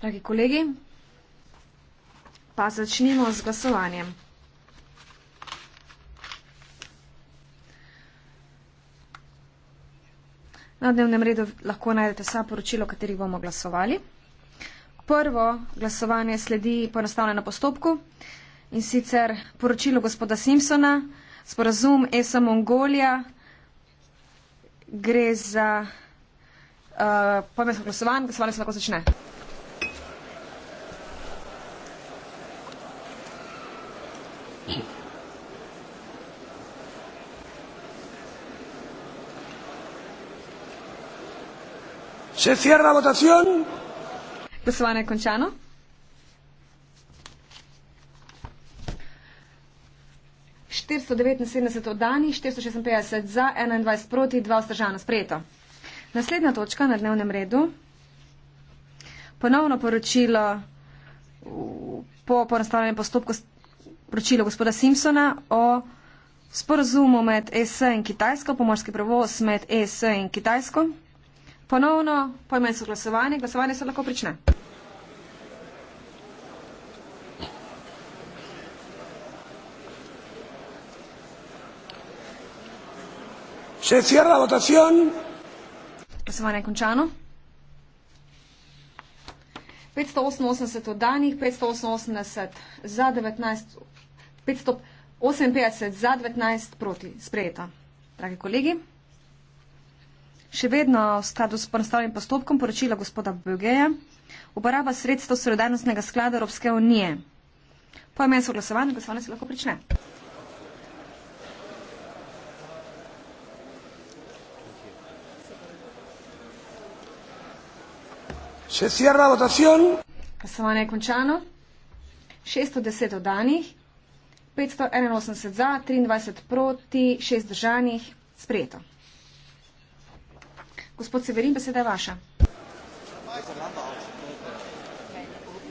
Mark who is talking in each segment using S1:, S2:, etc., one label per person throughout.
S1: Dragi kolegi, pa začnimo z glasovanjem. Na dnevnem redu lahko najdete vsa poročila, o katerih bomo glasovali. Prvo glasovanje sledi poenostavljeno postopku in sicer poročilo gospoda Simpsona, sporazum ESA Mongolija, gre za uh, pomensko glasovanje, glasovanje se lahko začne.
S2: Se cierra votación. Glasovanje je končano.
S1: 479 oddanih, 456 za, 21 proti, 2 vzdržana sprejeto. Naslednja točka na dnevnem redu. Ponovno poročilo po porastavljenem postopku poročilo gospoda Simpsona o sporozumu med ES e in Kitajsko, pomorski provoz med ES e in Kitajsko. Ponovno pojmen so glasovanje. Glasovanje se lahko prične.
S2: Se cierra la votación.
S1: Glasovanje je končano. 588 oddanih, 588 za 19, 558 za 19 proti. Sprejeta. Dragi kolegi, še vedno v skladu s ponastavljenim postopkom poročila gospoda Bögeja uporaba sredstva Solidarnostnega sklada Evropske unije. Po imensu glasovanju, glasovanje se lahko prične.
S2: Se cierra la votación.
S1: Glasovanje je končano. 610 oddanih, 581 za, 23 proti, 6 držanih, sprejeto. Gospod Severin, beseda je vaša.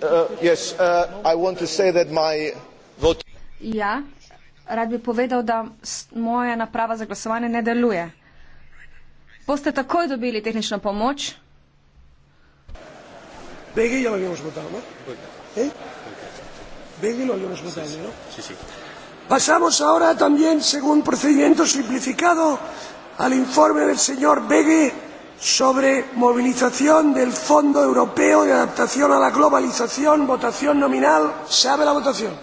S1: Uh, yes, uh, vote... Ja, rad bi povedal, da moja naprava za glasovanje ne deluje. Boste takoj dobili tehnično pomoč.
S2: Begge ya lo habíamos votado, ¿no? ¿Eh? Begge lo habíamos votado, ¿no? Sí, sí. Pasamos ahora también, según procedimiento simplificado, al informe del señor Begge sobre movilización del Fondo Europeo de Adaptación a la Globalización, votación nominal. ¿Se abre la votación?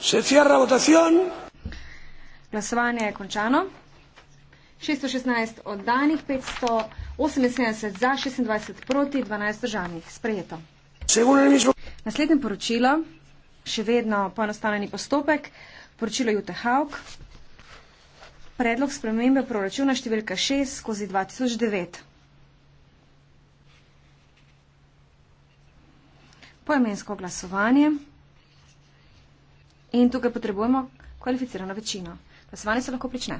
S2: Se cierra la votación.
S1: Glasovanje je končano. 616 oddanih, 578 za, 26 proti, 12 državnih. Sprejeto. Naslednje poročilo, še vedno poenostavljeni postopek, poročilo Jute Hauk, predlog spremembe proračuna številka 6 skozi 2009. Poemensko glasovanje. In tukaj potrebujemo kvalificirano večino. Glasovanje se lahko prične.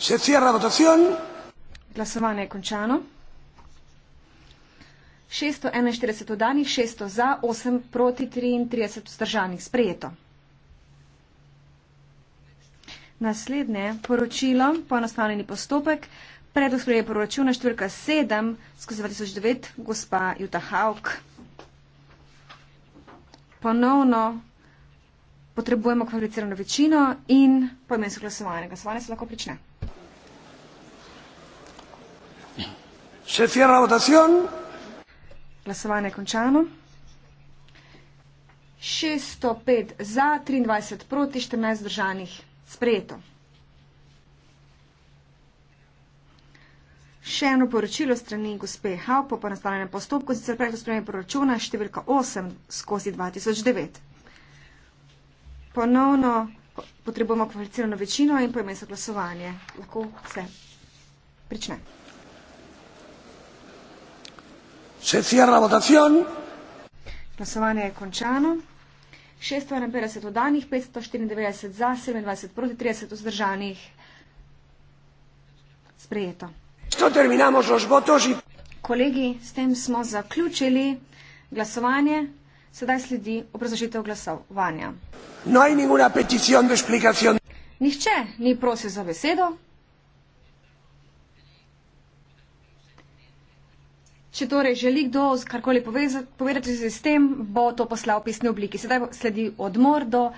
S2: Se cierra votación.
S1: Glasovanje je končano. 641 oddanih, 600 za, 8 proti, 33 vzdržanih. Sprejeto. Naslednje poročilo, poenostavljeni postopek, predlog sprejetja proračuna številka 7 skozi 2009, gospa Juta Hauk ponovno potrebujemo kvalificirano večino in poimensko glasovanje. Glasovanje se lahko prične.
S2: Se cierra votación. Glasovanje
S1: je končano. 605 za, 23 proti, 14 držanih. Sprejeto. še eno poročilo strani gospe Haupo po nastavljenem postopku, sicer predlog spremenja proračuna številka 8 skozi 2009. Ponovno potrebujemo kvalificirano večino in pojme za glasovanje. Lahko se prične.
S2: Se cierra votacion.
S1: Glasovanje je končano. 651 oddanih, 594 za, 27 proti 30 vzdržanih. Sprejeto. Kolegi, s tem smo zaključili glasovanje. Sedaj sledi obrazložitev glasovanja. No Nihče ni prosil za besedo. Če torej želi kdo karkoli povedati z tem, bo to poslal v pisni obliki. Sedaj sledi odmor do.